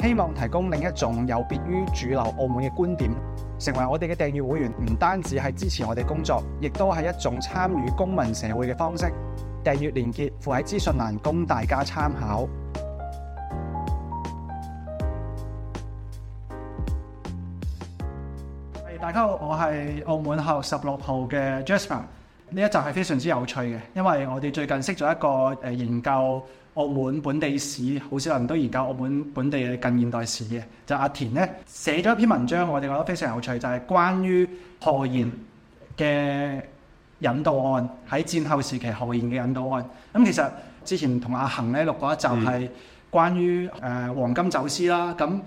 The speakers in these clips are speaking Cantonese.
希望提供另一種有別於主流澳門嘅觀點。成為我哋嘅訂閱會員，唔單止係支持我哋工作，亦都係一種參與公民社會嘅方式。訂閱連結附喺資訊欄，供大家參考。係大家好，我係澳門學十六號嘅 Jasper。呢一集係非常之有趣嘅，因為我哋最近識咗一個誒研究。澳門本地史好少人都研究澳門本地嘅近現代史嘅，就阿鈿呢寫咗一篇文章，我哋覺得非常有趣，就係、是、關於何賢嘅引渡案，喺戰後時期何賢嘅引渡案。咁其實之前同阿恆呢錄過一集係關於誒、嗯呃、黃金走私啦。咁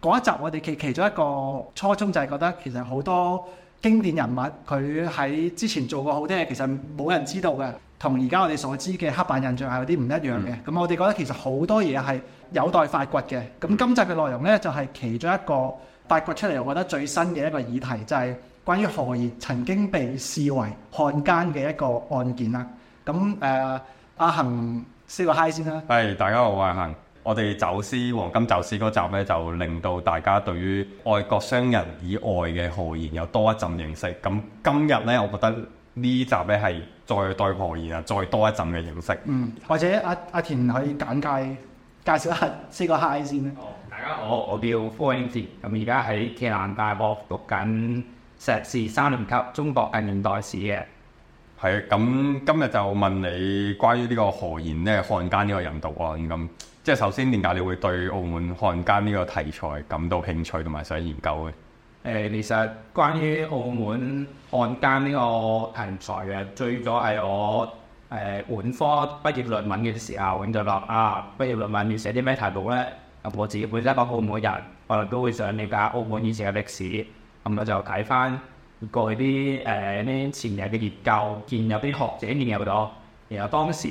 嗰一集我哋其其中一個初衷就係覺得其實好多經典人物佢喺之前做過好啲嘢，其實冇人知道嘅。同而家我哋所知嘅黑板印象係有啲唔一樣嘅，咁、嗯、我哋覺得其實好多嘢係有待發掘嘅。咁今集嘅內容呢，就係、是、其中一個發掘出嚟，我覺得最新嘅一個議題，就係、是、關於何賢曾經被視為漢奸嘅一個案件啦。咁誒、呃，阿恒，先個嗨先啦。係，大家好，我、啊、恒，我哋走私黃金走私嗰集呢，就令到大家對於愛國商人以外嘅何賢有多一陣認識。咁今日呢，我覺得呢集呢，係。再對何賢啊，再多一陣嘅認識。嗯，或者阿阿田可以簡介介紹一下呢個 Hi 先咧。哦，大家好，我叫高永鈿，咁而家喺暨南大學讀緊碩士三年級，中國近代史嘅。係啊，咁今日就問你關於呢個何賢呢，漢奸呢個引渡案咁，即係首先點解你會對澳門漢奸呢個題材感到興趣同埋想研究嘅？.誒，其實關於澳門漢奸呢個題材嘅，最早係我誒本科畢業論文嘅時候，我就諗啊，畢業論文要寫啲咩題目咧？咁我自己本身一個澳門人，我哋都會想了解澳門以前嘅歷史，咁我就睇翻過去啲誒啲前人嘅研究，見有啲學者見有到，然後當時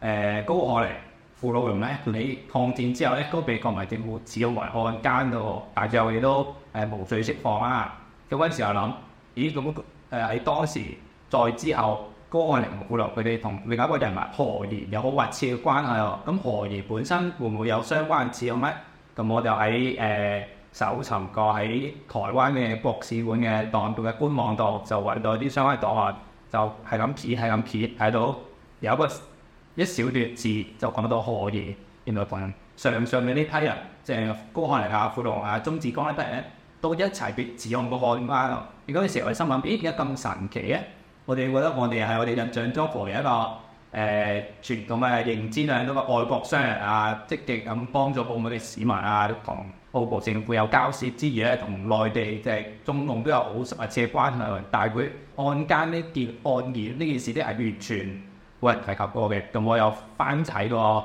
誒高可寧、傅老榕咧，你抗戰之後咧都俾國民政府指控為漢奸嘅喎，但係又你都。誒無罪釋放啦，啊，咁嗰陣時候諗，咦咁誒喺當時再之後，高可寧傅老榕佢哋同另一個人物何賢有好密切嘅關係喎，啊，咁何賢本身會唔會有相關指控咩？咁我就喺誒、啊、搜尋過喺台灣嘅國史館嘅檔案嘅官網度，就揾到啲相關檔案，就係咁撇係咁撇。睇到有一個一小段字就講到何賢原來本人。上上面呢批人，即係高漢良啊、傅東啊、鍾志剛呢批人，都一齊被指控個案㗎。如果你成日心諗咦，點解咁神奇嘅？我哋覺得我哋係我哋印象中可能一個誒傳統嘅認知，係一個愛國商人啊，積極咁幫助澳門嘅市民啊，同澳門政府有交涉之餘咧，同、啊、內地即係、就是、中共都有好密切關係。但係佢案間呢件案件呢件事，都係完全冇人提及過嘅，咁我有翻睇喎。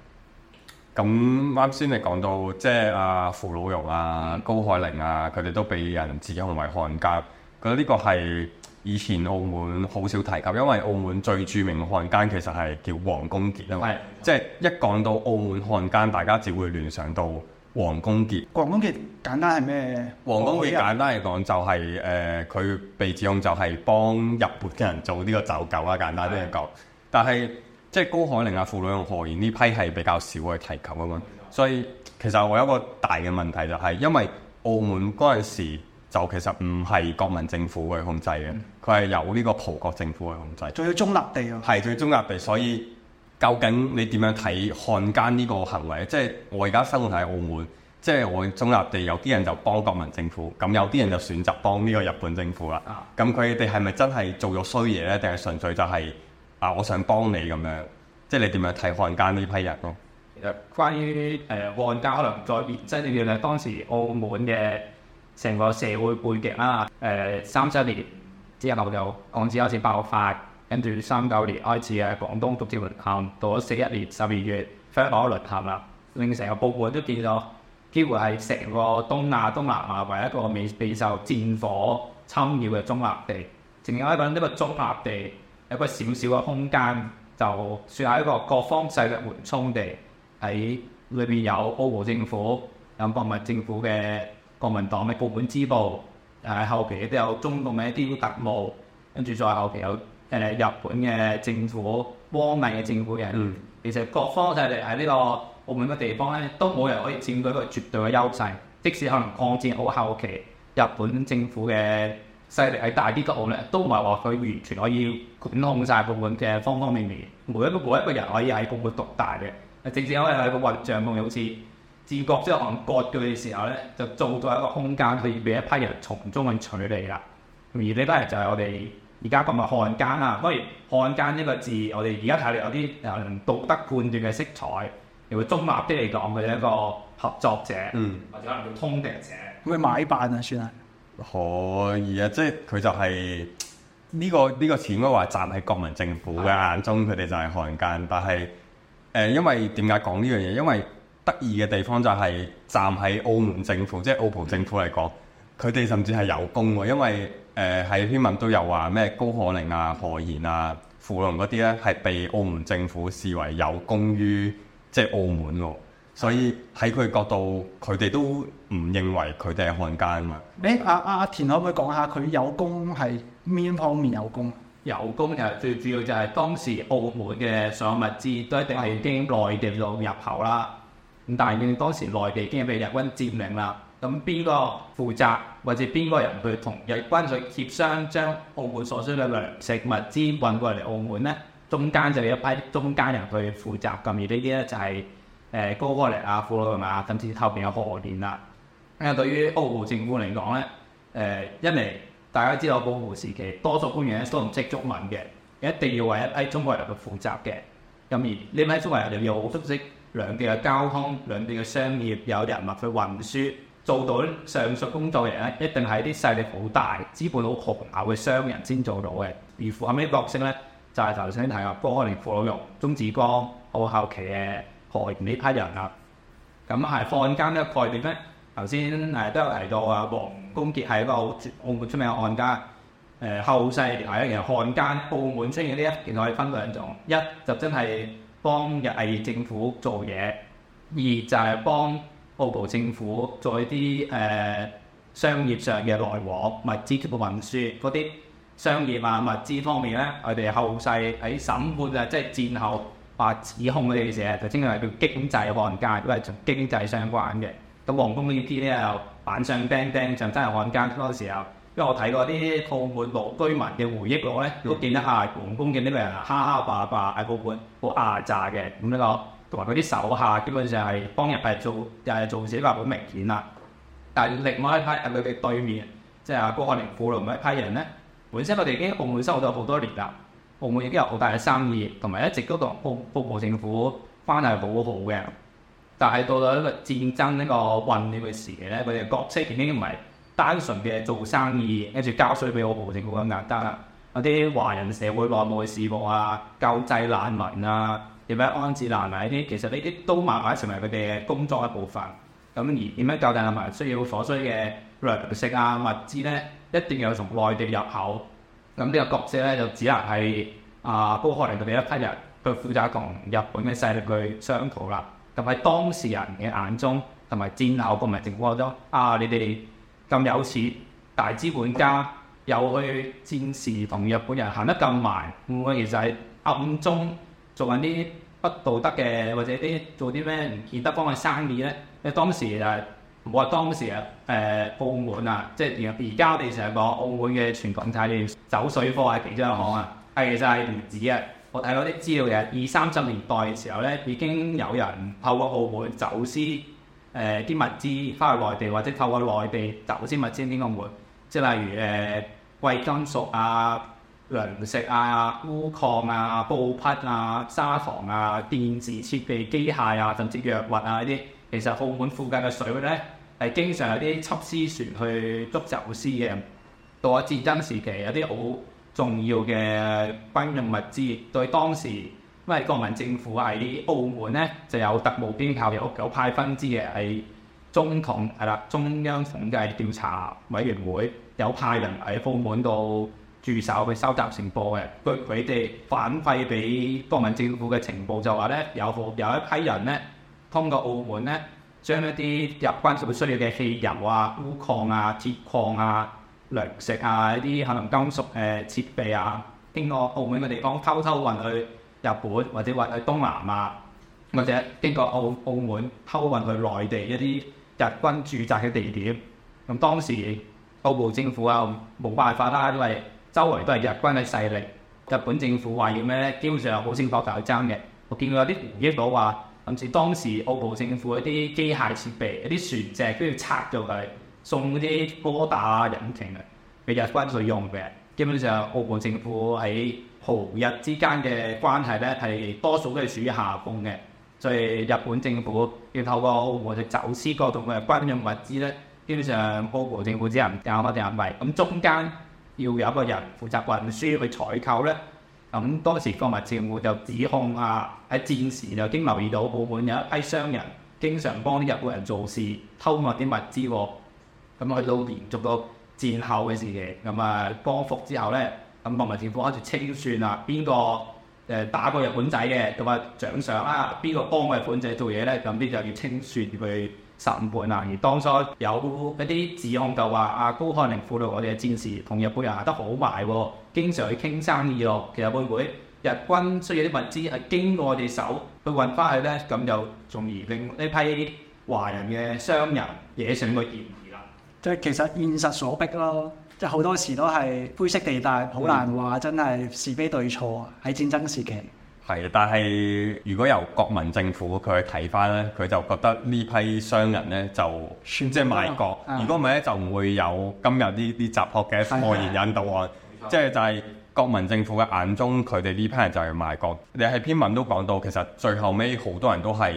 咁啱先你講到即係阿傅老榕啊、啊嗯、高海寧啊，佢哋都被人指控為漢奸。覺得呢個係以前澳門好少提及，因為澳門最著名漢奸其實係叫黃公傑啊嘛。即係、嗯、一講到澳門漢奸，大家只會聯想到黃公傑。黃公傑簡單係咩、就是？黃公傑簡單嚟講就係誒，佢被指控就係幫日本嘅人做呢個走狗啊。簡單啲嚟講。的但係即係高海寧啊、傅女用何賢呢批係比較少去提及咁嘛。所以其實我有一個大嘅問題，就係因為澳門嗰陣時就其實唔係國民政府去控制嘅，佢係由呢個葡國政府去控制。仲要中立地啊？係仲要中立地，所以究竟你點樣睇漢奸呢個行為，即係我而家生活喺澳門，即係我中立地，有啲人就幫國民政府，咁有啲人就選擇幫呢個日本政府啦。咁佢哋係咪真係做咗衰嘢咧？定係純粹就係、是。啊！我想幫你咁樣，即係你點樣睇漢奸呢批人咯？其實關於誒、呃、漢奸，可能再別真原來當時澳門嘅成個社會背景啦，誒三七年之後就抗戰開始爆發，跟住三九年開始嘅廣東逐漸淪陷，到咗四一年十二月香港淪陷啦，令成個報館都變到，幾乎係成個東亞東南亞唯一一個未備受戰火侵擾嘅中立地，淨係講呢個中立地，有一個小小嘅空間，就算係一個各方勢力緩衝地，喺裏邊有澳葡政府，有國民政府嘅國民黨嘅澳門支部，誒後期亦都有中共嘅一啲特務，跟住再後期有誒日本嘅政府、汪明嘅政府嘅，嗯，其實各方勢力喺呢個澳門嘅地方咧，都冇人可以佔據一個絕對嘅優勢，即使可能抗戰好後期日本政府嘅。勢力係大啲都好咧，都唔係話佢完全可以管控晒部門嘅方方面面嘅。每一個每一個人可以喺部門獨大嘅。正正正因為佢混帳，好似自覺即係割據嘅時候咧，就做咗一個空間，可以畀一批人從中去取利啦。而呢批人就係我哋而家講嘅漢奸啦。當然，漢奸呢個字，我哋而家睇嚟有啲誒道德判斷嘅色彩，又會中立啲嚟講佢係一個合作者，嗯，或者可能叫通敵者。咁咪買辦啊算啊！嗯可以啊，即係佢就係、是、呢、這個呢、這個詞語話站喺國民政府嘅眼中，佢哋的就係漢奸。但係誒、呃，因為點解講呢樣嘢？因為得意嘅地方就係站喺澳門政府，即係澳葡政府嚟講，佢哋、嗯、甚至係有功喎。因為誒喺、呃、新聞都有話咩高可寧啊、何賢啊、傅龍嗰啲咧，係被澳門政府視為有功於即係澳門咯。所以喺佢角度，佢哋都唔認為佢哋係漢奸嘛？你阿阿田可唔可以講下佢有功，係邊方面有功？有功就係最主要就係當時澳門嘅所有物資都一定係經內地度入口啦。咁是但係當時內地已經被日軍佔領啦。咁邊個負責，或者邊個人去同日軍去協商，將澳門所需嘅糧食物資運過嚟澳門呢？中間就有一批中間人去負責。咁而呢啲咧就係、是。誒高可寧啊，傅老榕啊，甚至後邊有何鍾連啦。咁啊，對於澳葡政府嚟講咧，誒一嚟大家知道，澳葡時期多數官員咧都唔識中文嘅，一定要為一啲中國人去負責嘅。咁而你咪中國人又要好熟悉兩地嘅交通、兩地嘅商業、有人物去運輸，做到上述工作嘅人咧，一定係啲勢力好大、資本好雄厚嘅商人先做到嘅。而後尾啲角色咧，就係頭先提嘅高可寧、傅老榕，鍾子光、敖孝期嘅、啊。害呢批人啊，咁係漢奸呢個概念咧，頭先誒都有提到啊，黃公傑係一個澳澳門出名嘅漢奸。誒、呃、後世係咧，其實漢奸澳門出現呢一件可以分兩種，一就真、是、係幫日偽政府做嘢，二就係、是、幫澳葡政府做一啲誒、呃、商業上嘅來往、物資嘅運輸嗰啲商業啊、物資方面咧，佢哋後世喺審判啊，即、就、係、是、戰後。話指控佢哋嘅就稱佢係叫經濟案件，都係從經濟相關嘅。咁黃宮呢啲咧又板上釘釘，就真係漢奸多時候。因為我睇過啲澳門老居民嘅回憶錄咧，都見得下黃宮嘅啲人啊，哈，黑霸霸喺澳門好壓榨嘅咁呢咯。同埋佢啲手下基本上係幫人係做又係、就是、做事，都係好明顯啦。但係另外一批係佢哋對面，即係阿高漢寧府咯，咪一批人咧。本身我哋已經同生活咗好多年啦，澳門亦都有好大嘅生意，同埋一直都同澳澳門政府關係好好嘅。但係到咗一個戰爭一個混亂嘅時期咧，佢哋角色已經唔係單純嘅做生意，跟住交稅俾澳門政府咁簡單。有啲華人社會內部嘅事務啊，救濟難民啊，點樣安置難民呢啲，其實呢啲都慢慢成為佢哋嘅工作一部分。咁而點樣救濟難民需要所需嘅糧食啊、物資咧，一定要從內地入口。咁呢個角色咧就只能係啊高可寧特別一批人，去負責同日本嘅勢力去商討啦。咁喺當事人嘅眼中，同埋戰後國民政府嘅中啊，你哋咁有錢大資本家，又去戰時同日本人行得咁埋，會唔會其實係暗中做緊啲不道德嘅，或者啲做啲咩唔見得光嘅生意咧？因為當時就是、～我話當時啊，誒、呃、澳門啊，即係而家我哋成日講澳門嘅傳統產業走水貨係其中一行啊，係其實係唔止啊。我睇到啲資料嘅二三十年代嘅時候咧，已經有人透過澳門走私誒啲、呃、物資翻去內地，或者透過內地走私物資點解會？即係例如誒貴、呃、金屬啊、糧食啊、鎢礦啊、布匹啊、砂糖啊、電子設備、機械啊，甚至藥物啊呢啲。其實澳門附近嘅水域咧，係經常有啲緝私船去捉走私嘅。到咗戰爭時期，有啲好重要嘅軍用物資。對當時，因為國民政府喺澳門咧，就有特務機構，有有派分支嘅，係中統係啦，中央統計調查委員會有派人喺澳門度駐守去收集情報嘅。據佢哋反饋俾國民政府嘅情報就話咧，有有一批人咧。通過澳門咧，將一啲日軍所需要嘅汽油啊、鎢礦啊、鐵礦啊、糧食啊、一啲可能金屬誒設備啊，經過澳門嘅地方偷偷運去日本，或者運去東南亞，或者經過澳澳門偷運去內地一啲日軍駐紮嘅地點。咁當時澳葡政府啊，冇辦法啦，因為周圍都係日軍嘅勢力。日本政府話要咩咧？基本上好清楚就係爭嘅。我見到有啲回憶到話。當時澳葡政府一啲機械設備、一啲船隻都要拆咗佢，送嗰啲波打引擎啊俾日軍佢用嘅。基本上澳葡政府喺葡日之間嘅關係咧，係多數都係處於下風嘅。所以日本政府要透過澳葡嚟走私各種嘅軍用物資咧，基本上澳葡政府只能夠乜定係為咁中間要有一個人負責運輸去採購咧。咁、嗯、當時國民政府就指控啊，喺戰時就經留意到，澳門有一批商人經常幫啲日本人做事，偷運啲物資喎、哦。咁、嗯、去到延續到戰後嘅時期，咁、嗯、啊，光復之後咧，咁、嗯、國民政府開始清算啊，邊個誒、呃、打過日本仔嘅，同埋獎賞啊，邊個幫過日本仔做嘢咧，咁、嗯、呢就要清算佢。十五倍嗱，而當初有一啲指控就話啊，高漢寧輔導我哋嘅戰士，同日本人行得好埋喎，經常去傾生意咯，其實會唔會日軍需要啲物資係經過我哋手去運翻去咧？咁就從而令呢批華人嘅商人惹上個嫌疑啦。即係其實現實所逼咯，即係好多時都係灰色地帶，好難話真係是非對錯喺戰爭時期。係，但係如果由國民政府佢去睇翻咧，佢就覺得呢批商人咧就即係賣國。Oh. Oh. Oh. 如果唔係咧，就唔會有今日呢啲集學嘅何賢引渡案。即係 Okay. 就係國民政府嘅眼中，佢哋呢批人就係賣國。你喺篇文都講到，其實最後尾好多人都係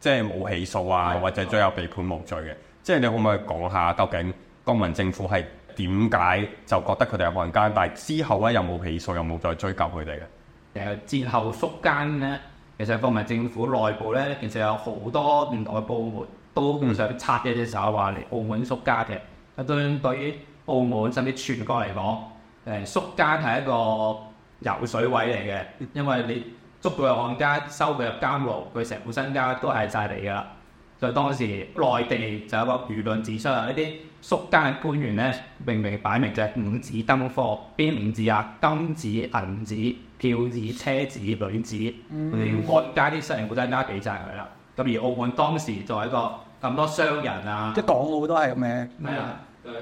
即係冇起訴啊，或者最後被判無罪嘅。Oh. Oh. 即係你可唔可以講下，究竟國民政府係點解就覺得佢哋係漢奸？但係之後咧，又冇起訴？又冇再追究佢哋嘅？誒節後縮奸咧，其實國民政府內部咧，其實有好多唔同嘅部門都仲想插一隻手，話嚟澳門縮奸嘅。相對於澳門甚至全國嚟講，誒縮奸係一個油水位嚟嘅，因為你捉到嘅漢奸收佢入監牢，佢成副身家都係晒你㗎啦。所以當時內地就有個輿論指出，呢啲縮奸嘅官員咧，明明擺明就係五子登科，邊五子啊？金子銀子。票子、車子、女子，你國家啲商人會增加幾隻佢啦。咁、hmm. 而澳門當時作為一個咁多商人啊，即係港澳都係咁嘅。係啊的，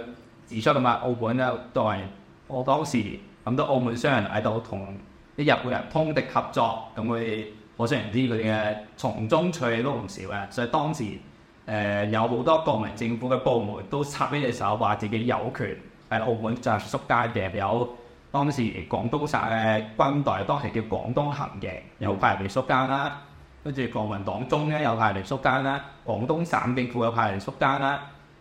指麼出啊嘛，澳門咧作為我當時咁多澳門商人喺度同啲日本人通敵合作，咁佢哋，可想而知佢哋嘅從中取利都唔少嘅。所以當時誒、呃、有好多國民政府嘅部門都插起隻手，話自己有權喺澳門就係縮街嘅有。當時廣東省嘅軍隊當時叫廣東行營，又派嚟肅奸啦；跟住國民黨中咧又派嚟肅奸啦；廣東省政府又派嚟肅奸啦；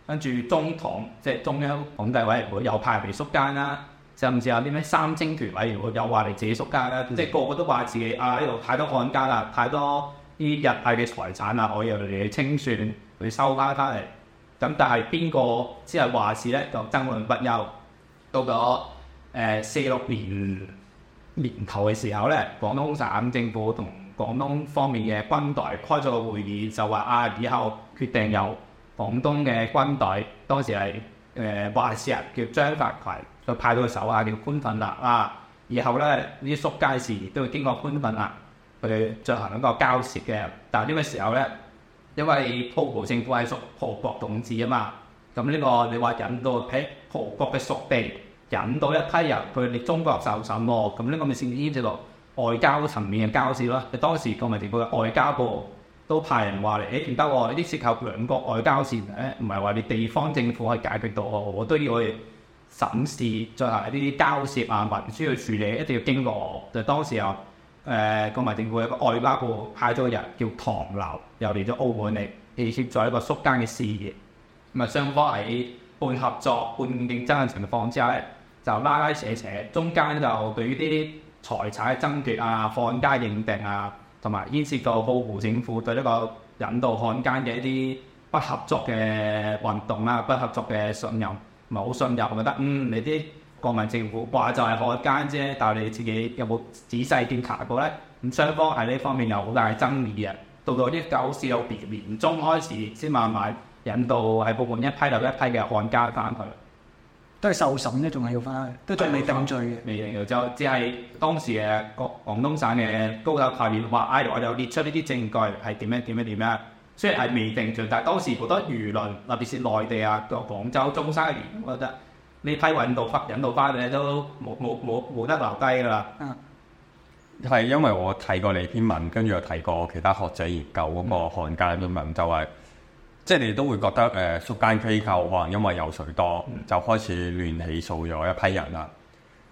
跟住中統即係中央統計委員會又派嚟肅奸啦。甚至有啲咩三青團委員會又話嚟自己肅奸啦。即係、嗯、個個都話自己啊，呢度太多漢奸啦，太多啲日派嘅財產啦，我要嚟清算，去收翻返嚟。咁但係邊個先係話事咧？就爭論不休。到咗，誒四六年年頭嘅時候咧，廣東省政府同廣東方面嘅軍隊開咗個會議就，就話啊，以後決定由廣東嘅軍隊，當時係誒話事人叫張發奎，去派到手啊，叫官粉立啊。以後咧啲縮街事都要經過官粉立佢哋進行一個交涉嘅。但係呢個時候咧，因為葡萄牙政府係屬葡國統治啊嘛，咁呢個你話引渡喺葡國嘅屬地。引到一批人去你中國受審咯，咁呢個咪先至牽涉到外交嘅層面嘅交涉咯。你當時國民政府嘅外交部都派人話嚟，誒唔得喎，呢啲涉及兩國外交線嘅，唔係話你地方政府可以解決到我，我都要去哋審視進行呢啲交涉啊，或者需要處理，一定要經過我。就當時又誒、呃、國民政府有個外交部派咗個人叫唐樓，又嚟咗澳門嚟，嚟協助一個肅奸嘅事業，咁啊雙方喺半合作半競爭嘅情況之下咧，就拉拉扯扯，中間就對於啲財產爭奪啊、漢奸認定啊，同埋牽涉到保護政府對呢個引渡漢奸嘅一啲不合作嘅運動啦、啊、不合作嘅信任，唔係好信任，覺得嗯你啲國民政府話就係漢奸啫，但係你自己有冇仔細檢查過呢？咁雙方喺呢方面有好大爭議嘅、啊，到到啲一九四六年年中開始先慢慢。引渡喺部門一批又一批嘅漢奸返去，去，都係受審咧，仲係要返去，都仲未定罪嘅。未定罪就只係當時嘅廣廣東省嘅高級法院話：哎，我哋有列出呢啲證據係點樣點樣點樣。雖然係未定罪，但係當時好多輿論，特別是內地到啊，個廣州中山嘅人，我覺得呢批引渡引渡返嘅都冇冇冇冇得留低㗎啦。嗯，係因為我睇過你篇文，跟住又睇過其他學者研究嗰個漢奸嘅文，嗯、就係、是。即係你都會覺得誒肅奸機構可能因為油水多，嗯、就開始亂起訴咗一批人啦。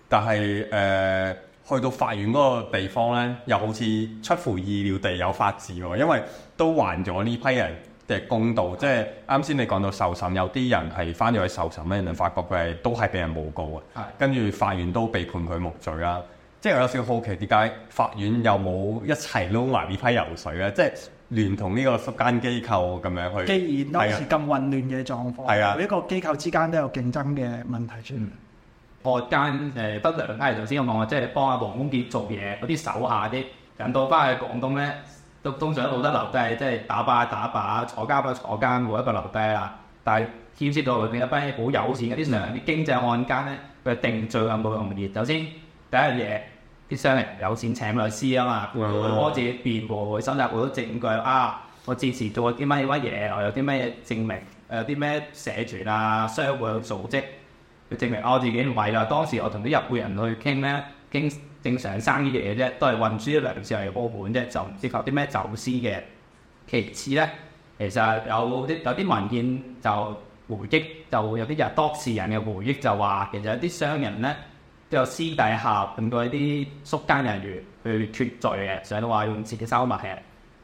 但係誒、呃、去到法院嗰個地方咧，又好似出乎意料地有法治喎，因為都還咗呢批人嘅公道。即係啱先你講到受審，有啲人係翻咗去受審咧，人哋發覺佢係都係被人誣告啊。跟住、嗯、法院都被判佢無罪啦。即係我有少少好奇，點解法院又冇一齊撈埋呢批油水咧？即係。聯同呢個十間機構咁樣去，既然當時咁混亂嘅狀況，每一、啊啊、個機構之間都有競爭嘅問題存在。個間誒不良間，頭先我講即係幫阿黃公傑做嘢嗰啲手下啲，引到翻去廣東咧，都通常冇得留低，即、就、係、是、打靶打靶，坐監就坐監，冇一個留低啦。但係牽涉到裏邊一班好有錢嗰啲人，啲經濟案間咧，佢定罪啊冇容易。首先第一樣嘢。啲商人有錢請律師啊嘛，我自己辯護，會收集好多證據啊。我之前做過啲乜嘢嘢，我有啲乜嘢證明，誒有啲咩社團啊、商會組織去證明我自己。唔係啦，當時我同啲日本人去傾咧，傾正常生意嘅嘢啫，都係運輸啲糧食嚟澳門啫，就唔涉及啲咩走私嘅。其次咧，其實有啲有啲文件就回憶，就有啲就當事人嘅回憶就話，其實有啲商人咧。有私底下令到一啲漢奸人員去脱罪嘅，成日都話用自己收埋嘅，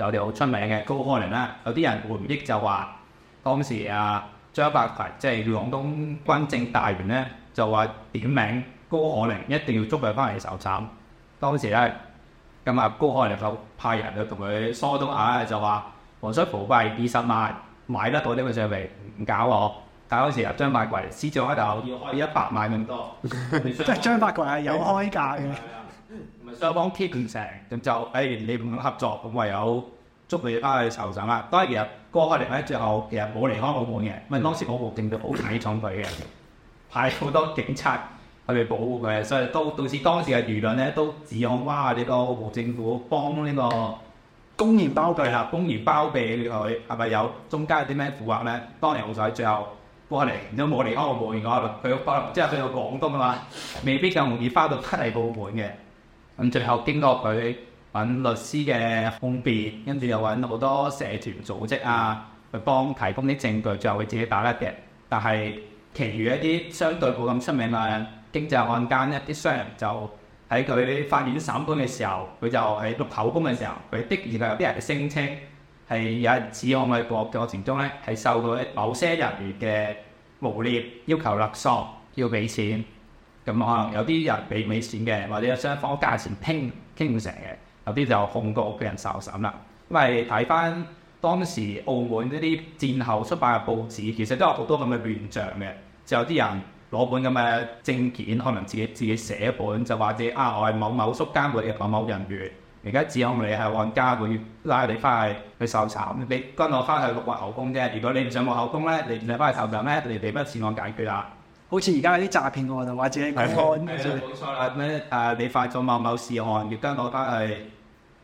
有啲好出名嘅高可寧啦，有啲人回憶就話當時啊張伯麟即係廣東軍政大員咧，就話點名高可寧一定要捉佢翻嚟受審。當時咧咁啊高可寧就派人去同佢疏通下，就話我想腐敗二十萬，買得到呢個上嚟，唔搞我。但嗰時阿張百貴始終開頭要開一百萬咁多，即係 張百貴係有開價嘅、哎，唔係雙 k 成咁就誒、哎、你唔合作咁唯有捉佢翻去囚禁啦。當然其過，其實哥開嚟咧，最後其實冇離開澳門嘅，因為當時澳門政府好睇重佢嘅，派好多警察去保護佢，所以都到導致當時嘅輿論咧都指控哇！呢、這個澳門政府幫呢個公然包佮啦，公然包庇佢係咪有中間有啲咩腐化咧？當年好彩最後。過嚟都冇離開過澳門嘅，佢佢翻即係去到廣東啊嘛，未必咁容易翻到出嚟報案嘅。咁最後經過佢揾律師嘅控辯，跟住又揾好多社團組織啊，去幫提供啲證據，最後佢自己打甩嘅。但係，其餘一啲相對冇咁出名嘅經濟案件，一啲商人就喺佢法院審判嘅時候，佢就喺錄口供嘅時候，佢的確有啲人聲稱。係有一次我微博嘅過程中咧，係受到某些人員嘅誣蔑，要求勒索要俾錢。咁可能有啲人俾唔起錢嘅，或者有雙方價錢傾傾唔成嘅，有啲就控告屋企人受審啦。因為睇翻當時澳門呢啲戰後出版嘅報紙，其實都有好多咁嘅亂象嘅，就有啲人攞本咁嘅證件，可能自己自己寫本就，或者啊，我係某某肅奸會嘅某某人員。而家只有唔理係按家會拉你翻去去搜查，你跟我翻去錄個口供啫。如果你唔想錄口供咧，你唔想翻去受審咩？你哋不時案解決啦。好似而家有啲詐騙案啊，或者係啊，冇錯啦。咩誒？你犯咗某某事案，亦跟我翻去。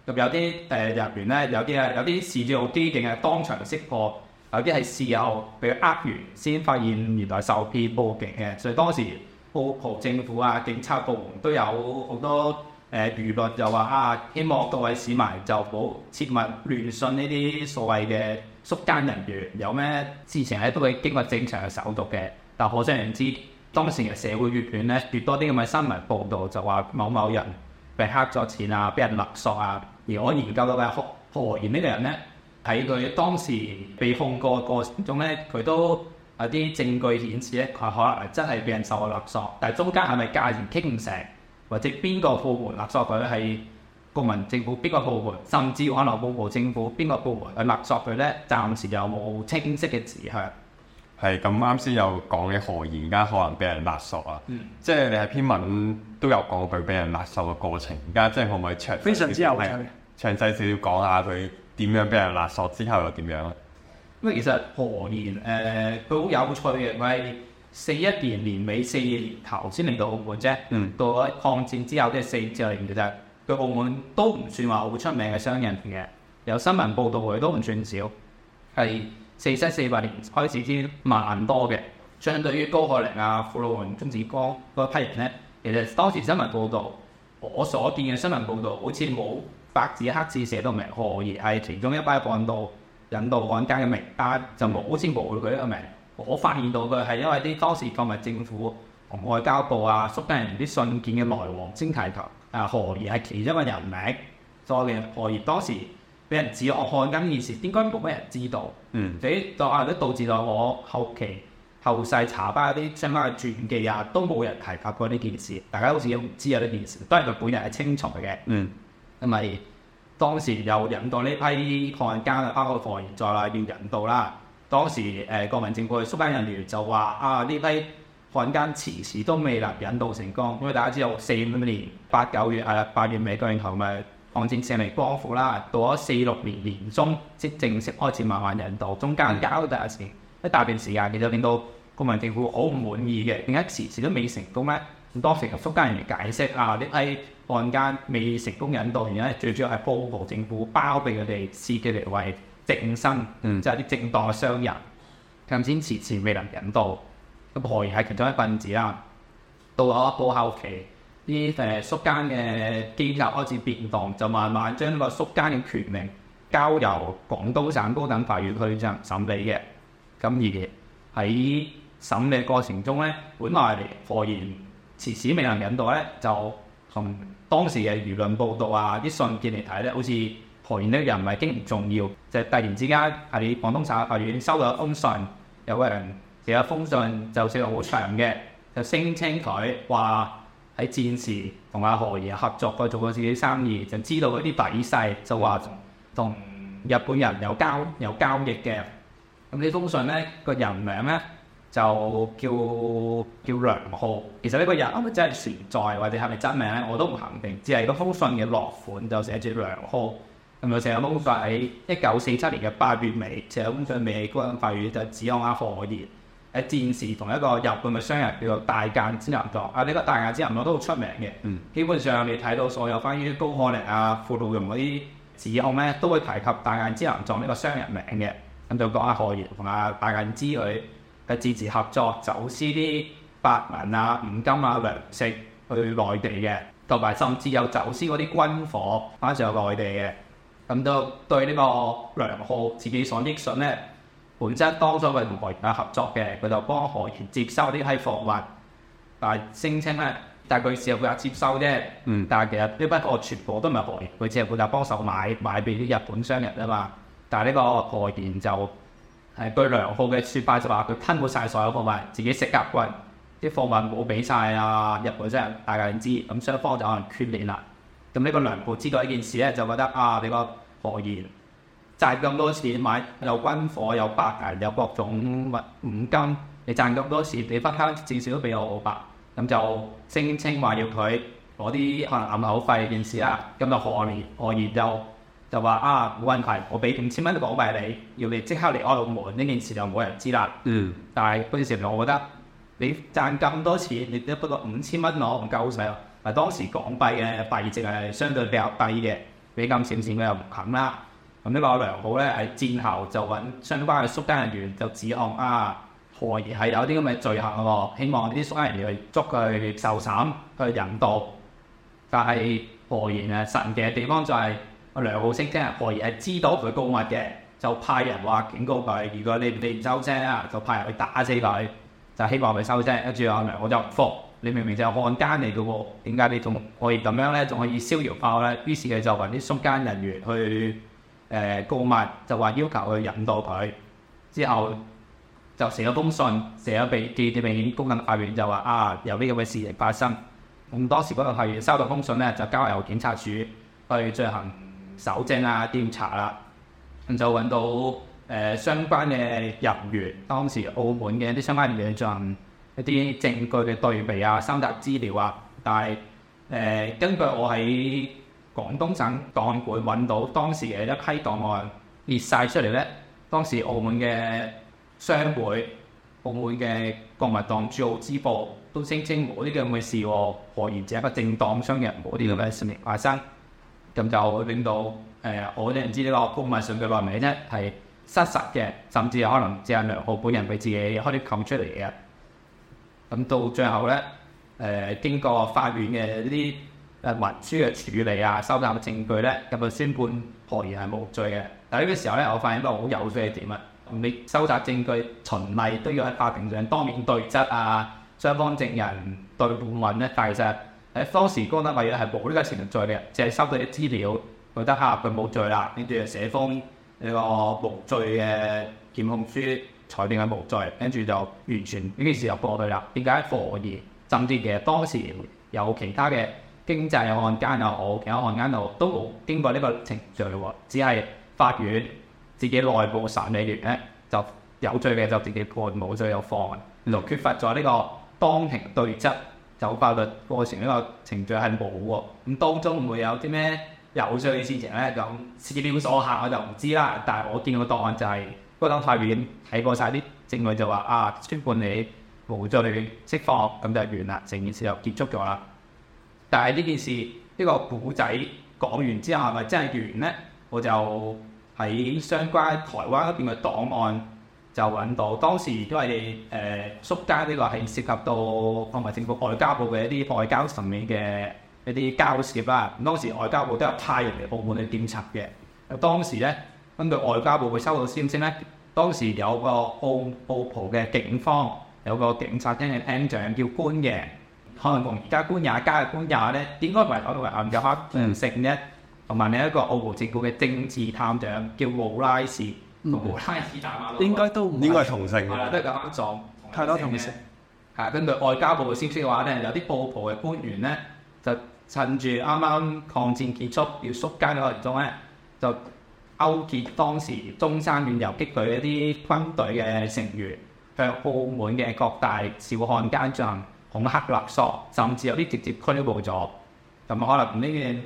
咁有啲誒入邊咧，有啲啊，有啲事主好啲，定係當場識破；有啲係事後俾佢呃完先發現原來受騙，報警嘅。所以當時澳葡政府啊、警察部門都有好多。誒輿論就話啊，希望各位市民就冇切勿亂信呢啲所謂嘅肅奸人員，有咩事情咧都會經過正常嘅手續嘅。但可想而知，當時嘅社會輿論咧，越多啲咁嘅新聞報導就話某某人被黑咗錢啊，被人勒索啊。而我研究到嘅何何賢呢個人咧，喺佢當時被控過過程中咧，佢都有啲證據顯示咧，佢可能係真係被人受過勒索，但係中間係咪價錢傾唔成？或者邊個部門勒索佢係國民政府邊個部門，甚至可能共和政府邊個部門去勒索佢咧？暫時又冇清晰嘅指向。係咁啱先有講嘅何賢，而家可能俾人勒索啊！嗯、即係你係篇文都有講佢俾人勒索嘅過程，而家即係可唔可以詳非常之有趣，詳細少少講下佢點樣俾人勒索之後又點樣咧？因為其實何賢，誒、呃，佢好有趣嘅。四一年年尾四月頭先嚟到澳門啫、嗯，到咗抗戰之後即係四五年嘅啫。佢澳門都唔算話好出名嘅商人嘅，有新聞報道佢都唔算少。係四七四八年開始先萬多嘅，相對於高可寧啊、傅老榕、鍾子光嗰批人咧，其實當時新聞報道，我所見嘅新聞報道好似冇白紙黑字寫到明，何賢係其中一班幫到引渡漢奸嘅名單，就冇先報到佢一個名。我發現到佢係因為啲當時國民政府同外交部啊、蘇丹人啲信件嘅來往先提及，誒何賢係其中一個人名。所以嘅何賢當時俾人指控漢奸件事，應該冇咩人知道。嗯，所以就係都導致到我後期後世查翻一啲相關嘅傳記啊，都冇人提及過呢件事。大家好似都唔知有呢件事，都係佢本人係清楚嘅。嗯，同埋當時又引渡呢批漢奸啊，包括何賢在內要引渡啦。當時誒、呃、國民政府嘅蘇家人廉就話啊，呢批漢奸遲遲都未能引渡成功。因啊，大家知道四五年八九月啊，八月尾，就是嗯、九月頭咪抗戰勝利光復啦。到咗四六年年中即正式開始慢慢引渡，中間交大錢一大段時間，其實令到國民政府好唔滿意嘅，點解遲遲都未成功咧？當時由蘇家人廉解釋啊，呢批漢奸未成功引渡，原因最主要係葡國政府包庇佢哋，司揭嚟為。正身，即係啲正當嘅商人，咁先遲遲未能引渡，咁何賢係其中一分子啦。到咗過後期，啲誒肅奸嘅機構開始變動，就慢慢將個肅奸嘅權名交由廣東省高等法院去進行審理嘅。咁而喺審理過程中咧，本來何賢遲遲未能引渡咧，就從當時嘅輿論報道啊、啲信件嚟睇咧，好似。何賢呢個人唔係幾唔重要，就係突然之間喺廣東省法院收到一封信，有個人寫咗封信就寫得好長嘅，就聲稱佢話喺戰時同阿何賢合作過，做過自己生意，就知道嗰啲底細，就話同日本人有交有交易嘅。咁呢封信咧，個人名咧就叫叫梁浩，其實呢個人係咪真係存在，或者係咪真名咧，我都唔肯定。只係個封信嘅落款就寫住梁浩。咁就成日公開喺一九四七年嘅八月尾，成日公開俾軍法院就指控阿、啊、何賢喺戰時同一個日本嘅商人叫做大雁之合作啊。呢、這個大雁之合作都好出名嘅。嗯。基本上你睇到所有關於高可寧啊、傅老榕嗰啲指控咧、啊，都會提及大雁之合作呢個商人名嘅。咁就講阿、啊、何賢同阿大雁之佢嘅戰時合作走私啲白銀啊、五金啊、糧食去內地嘅，同埋甚至有走私嗰啲軍火翻上內地嘅。咁就、嗯、對呢個梁浩自己所應訊咧，本身當初佢同何賢有合作嘅，佢就幫何賢接收呢批貨物，但係聲稱咧，但係佢只係負責接收啫。嗯。但係其實呢批貨全部都唔係何賢，佢只係負責幫手買買俾啲日本商人啊嘛。但係呢個何賢就係據梁浩嘅説法就話佢吞冇晒所有貨物，自己食夾棍，啲貨物冇俾晒啊，日本商人，大家唔知道，咁、嗯、雙方就可能決裂啦。咁呢個良部知道呢件事咧，就覺得啊，你個何賢？賺咁多錢，買有軍火，有白銀，有各種物五金，你賺咁多錢，你翻鄉至少都俾我五百，咁就聲稱話要佢攞啲可能暗口費件事啦，咁就何賢何賢就就話啊冇問題，我俾五千蚊都講埋你，要你即刻離開澳門呢件事就冇人知啦。嗯，但係嗰陣時我覺得你賺咁多錢，你得不過五千蚊攞唔夠使嗱，當時港幣嘅幣值係相對比較低嘅，比金閃閃嘅又唔肯啦。咁呢個梁浩咧，喺戰後就揾相關嘅蘇丹人員就指控啊何賢係有啲咁嘅罪行、啊、希望啲蘇丹人員捉佢去受審，去引渡。但係何賢係神嘅地方就係梁浩聲即何賢係知道佢告密嘅，就派人話警告佢，如果你你唔收聲啊，就派人去打死佢，就希望佢收聲。跟住阿梁我就唔你明明就係漢奸嚟嘅喎，點解你仲可以咁樣咧？仲可以逍遙化咧？於是佢就揾啲肅奸人員去誒、呃、告密，就話要求去引渡佢。之後就寫咗封信，寫咗俾地鐵民警、公安、法院，就話啊，有呢咁嘅事情發生。咁、嗯、當時嗰個法院收到封信咧，就交由警察署去進行搜證啊、調查啦、啊，咁、嗯、就揾到誒、呃、相關嘅人員。當時澳門嘅一啲相關人員進行。一啲證據嘅對比啊，蒐集資料啊，但係誒、呃、根據我喺廣東省檔案館揾到當時嘅一批檔案列晒出嚟咧，當時澳門嘅商會、澳門嘅國民黨主要支部都聲稱冇呢啲咁嘅事喎、啊，何賢只係一個正當商嘅人，冇啲咁嘅事情發生，咁就會令到誒、呃、我哋唔知道個公民面呢個告密信嘅來源一係失實嘅，甚至可能只係梁浩本人俾自己開啲構出嚟啊！咁到最後咧，誒、呃、經過法院嘅呢啲誒文書嘅處理啊，收集嘅證據咧，咁就宣判何賢係無罪嘅。但係呢個時候咧，我發現一個好有趣嘅點啊，你收集證據循例都要喺法庭上當面對質啊，雙方證人對問咧。但係其實喺當時江德偉咧係冇呢個程序嘅，只係收到啲資料覺得吓，佢冇罪啦。跟住寫封呢個無罪嘅檢控書。裁定係無罪，跟住就完全呢件事就過咗啦。點解何賢浸跌嘅？甚至當時有其他嘅經濟案件又好，其他案件又都冇經過呢個程序喎、哦，只係法院自己內部審理完咧，就有罪嘅就自己判無罪就放，就缺乏咗呢個當庭對質有法律過程呢個程序係冇喎。咁當中唔會有啲咩有罪事情咧？咁資料所限，我就唔知啦。但係我見到答案就係、是。嗰個法院，睇過晒啲證據就話啊，宣判你無罪釋放，咁就完啦，成件事就結束咗啦。但係呢件事呢、呢個古仔講完之後係咪真係完呢？我就喺相關台灣嗰邊嘅檔案就揾到，當時因為誒肅奸呢、呢個係涉及到國民政府外交部嘅一啲外交層面嘅一啲交涉啦。當時外交部都有派人嚟部門去檢查嘅，當時呢。根據外交部嘅收到消息咧，當時有個澳澳葡嘅警方有個警察廳嘅廳長叫官嘅，可能同而家官也加嘅官也咧，點解唔係同埋暗嘅黑人成咧？同埋另一個澳葡政府嘅政治探長叫奧拉士，同奧拉士打馬，應該都唔應該係同姓嘅，都係個太多同姓。係根據外交部嘅消息嘅話咧，有啲澳葡嘅官員咧，就趁住啱啱抗戰結束要縮街嘅過程中咧，就。勾結當時中山縣遊擊隊一啲軍隊嘅成員，向澳門嘅各大小漢奸進行恐嚇勒索，甚至有啲直接拘捕咗。咁可能呢件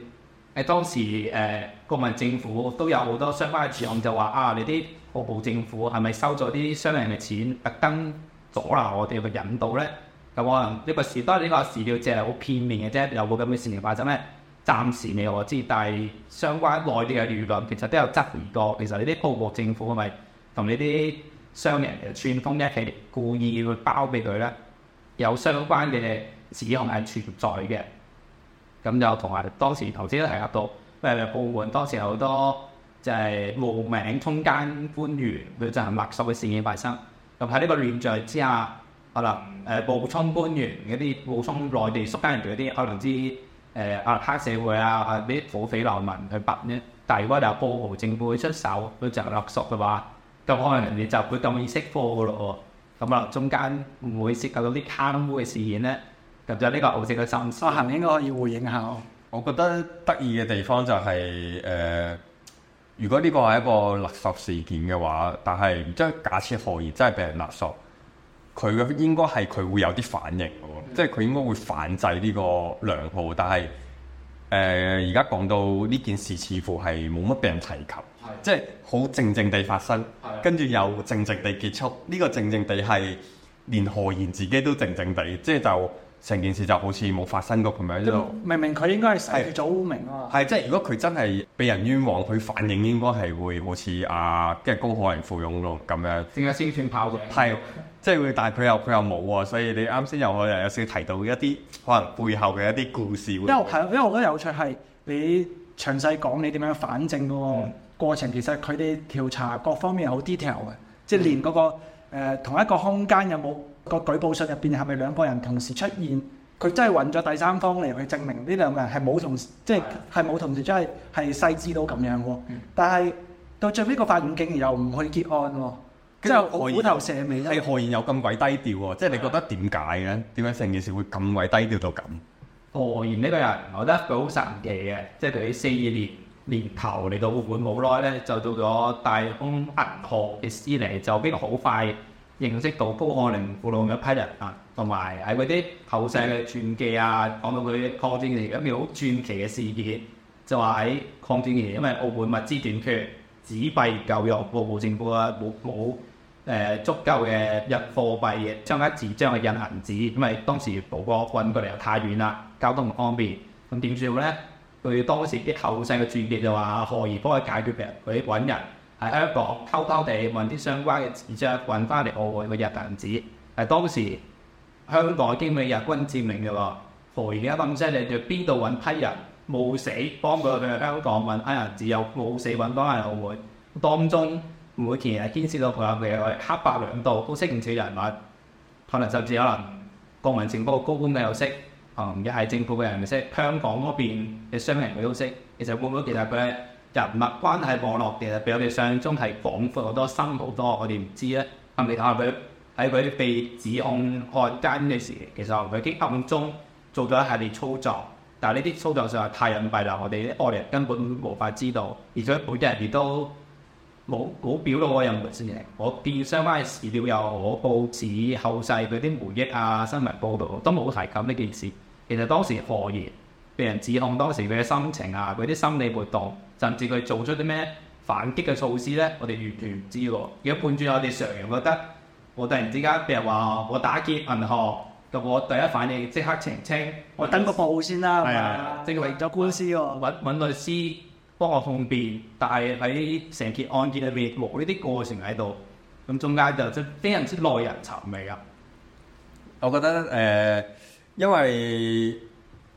喺當時誒、呃、國民政府都有好多相關嘅指控，就話啊，你啲澳葡政府係咪收咗啲商人嘅錢，特、啊、登阻撓我哋嘅引導咧？咁可能呢個事都係呢個史料借嚟好片面嘅啫，有冇咁嘅事情發生咧？暫時未可知，但係相關內地嘅輿論其實都有質疑過。其實呢啲葡國政府係咪同呢啲商人嘅串通一齊故意去包庇佢咧？有相關嘅指控係存在嘅。咁就同埋當時頭先都提及到誒部門，當時有好多就係冒名充奸官員去進行勒索嘅事件發生。咁喺呢個亂象之下，可能誒冒、呃、充官員嗰啲、冒充內地肅奸人哋嗰啲，可能之。誒、呃、啊黑社會啊啊啲土匪流民去拔呢。但係如果就報告政府會出手佢就勒索嘅話，咁可能人哋就會咁意識貨嘅咯喎。咁、嗯、啊，中間會唔會涉及到啲貪污嘅事件咧？咁就呢個澳政嘅審訊，應該可以回應下。我覺得得意嘅地方就係、是、誒、呃，如果呢個係一個勒索事件嘅話，但係唔知假設何賢真係被人勒索。佢嘅應該係佢會有啲反應、嗯、即係佢應該會反制呢個良好，但係誒而家講到呢件事，似乎係冇乜畀人提及，是的即係好靜靜地發生，的跟住又靜靜地結束。呢、這個靜靜地係連何賢自己都靜靜地，即係就。成件事就好似冇發生過咁樣，明明佢應該係早明啊，係是，即係如果佢真係畀人冤枉，佢反應應該係會好似啊，即係公開附庸咯咁樣。點解先算跑路？係是樣，即係會，但係佢又佢又冇喎，所以你啱先又可能有少少提到一啲可能背後嘅一啲故事。因為係，因為我覺得有趣係你詳細講你點樣反證嘅、哦嗯、過程，其實佢哋調查各方面好 detail 嘅，即係連嗰、那個、嗯呃、同一個空間有冇。個舉報信入邊係咪兩個人同時出現？佢真係揾咗第三方嚟去證明呢兩個人係冇同時，的即係係冇同時真，真係係細緻到咁樣喎。的但係到最尾個法院竟然又唔去結案喎。嗯、即係我虎頭蛇尾，係何賢有咁鬼低調喎？即係的你覺得點解嘅？點解成件事會咁鬼低調到咁？何賢呢個人，我覺得佢好神奇嘅，即係佢四二年年頭嚟到澳門冇耐咧，就到咗大豐銀行嘅司嚟，就變得好快。認識到高漢玲父老嘅一批人啊，同埋喺嗰啲後世嘅傳記啊，講到佢抗戰期入面好傳奇嘅事件，就話喺抗戰期，因為澳門物資短缺，紙幣夠用，澳門政府啊冇冇呃足夠嘅印貨幣嘅，將一紙張去印銀紙，因為當時葡國運過嚟又太遠啦，交通唔方便，咁點算好咧？佢當時啲後世嘅傳記就話何賢幫佢解決嘅，佢揾人，喺香港偷偷地揾啲相關嘅紙張，揾翻嚟澳門嘅日銀紙。係當時香港已經被日軍佔領嘅喎，所以而家諗，即係要邊度揾批人冇死幫佢去香港揾批人紙，又冇死揾翻嚟澳門。當中會唔會其實牽涉到佢有佢黑白兩道都識唔少人物、啊？可能甚至可能國民情報、嗯、政府高官嘅又識，啊，亦係政府嘅人又識，香港嗰邊嘅商人佢都識。其實會唔會其實佢？人物關係網絡其實比我哋想象中係廣闊好多、深好多。我哋唔知咧，咁你睇下佢喺佢被指控漢奸嘅時，其實佢暗中做咗一系列操作，但係呢啲操作上係太隱蔽啦。我哋啲外人根本無法知道，而且好多人亦都冇冇表露我任何事情。我見相關嘅史料又我報紙後世嗰啲回憶啊、新聞報導都冇提及呢件事。其實當時何賢被人指控，當時佢嘅心情啊、佢啲心理活動。甚至佢做出啲咩反擊嘅措施咧，我哋完全唔知喎。如果換轉我哋常人，覺得我突然之間譬如話我打劫銀行，咁我第一反應即刻澄清，我登個報先啦。係啊，正、啊、為咗官司喎、啊，揾揾律師幫我辯護，但係喺成件案件裏邊錄呢啲過程喺度，咁中間就真非常之耐人尋味啊！我覺得誒、呃，因為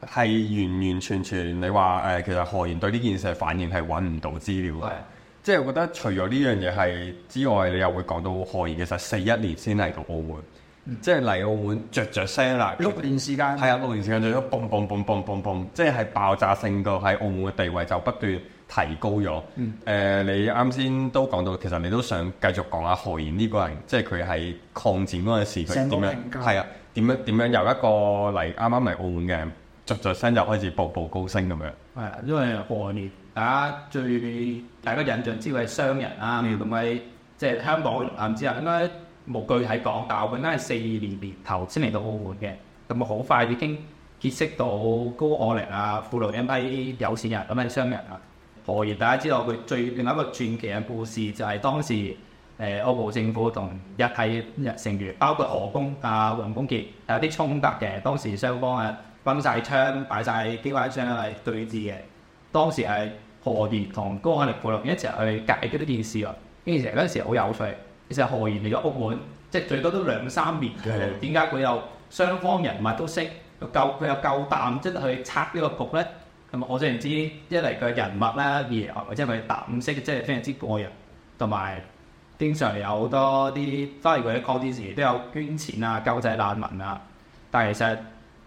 係完完全全你說，你話誒，其實何賢對呢件事嘅反應係揾唔到資料嘅，是的即係我覺得除咗呢樣嘢係之外，你又會講到何賢其實四一年先嚟到澳門，嗯、即係嚟澳門着着聲啦六實，六年時間係啊，六年時間就咗嘣嘣嘣嘣嘣」，蹦，即係爆炸性到喺澳門嘅地位就不斷提高咗。誒、嗯呃，你啱先都講到，其實你都想繼續講下何賢呢個人，即係佢係抗戰嗰陣時佢點樣係啊？點樣點樣由一個嚟啱啱嚟澳門嘅。著著身就開始步步高升咁樣，係啊，因為何賢大家最大家印象之，佢係商人啊，同埋即係香港唔知啊，應該冇具體講，但係佢應該係四年年頭先嚟到澳門嘅，咁啊好快已經結識到高可寧啊、傅老榕有錢人咁啊商人啊。何賢大家知道佢最另一個傳奇嘅故事就係當時誒、呃、澳葡政府同日系成員包括俄工啊、黃公傑有啲衝突嘅，當時雙方啊～掹晒槍，擺晒機關槍嚟對峙嘅。當時係何賢同高壓力部落一齊去解決呢件事喎。呢件事嗰陣時好有趣。其實何賢嚟咗澳門，即係最多都兩三年。點解佢有雙方人物都識，夠佢有夠膽即係去拆呢個局咧？咁我雖然知道，一嚟佢人物啦，二或者佢膽識即係非常之過人，同埋經常有好多啲，例如佢喺抗戰時都有捐錢啊、救濟難民啊。但係其實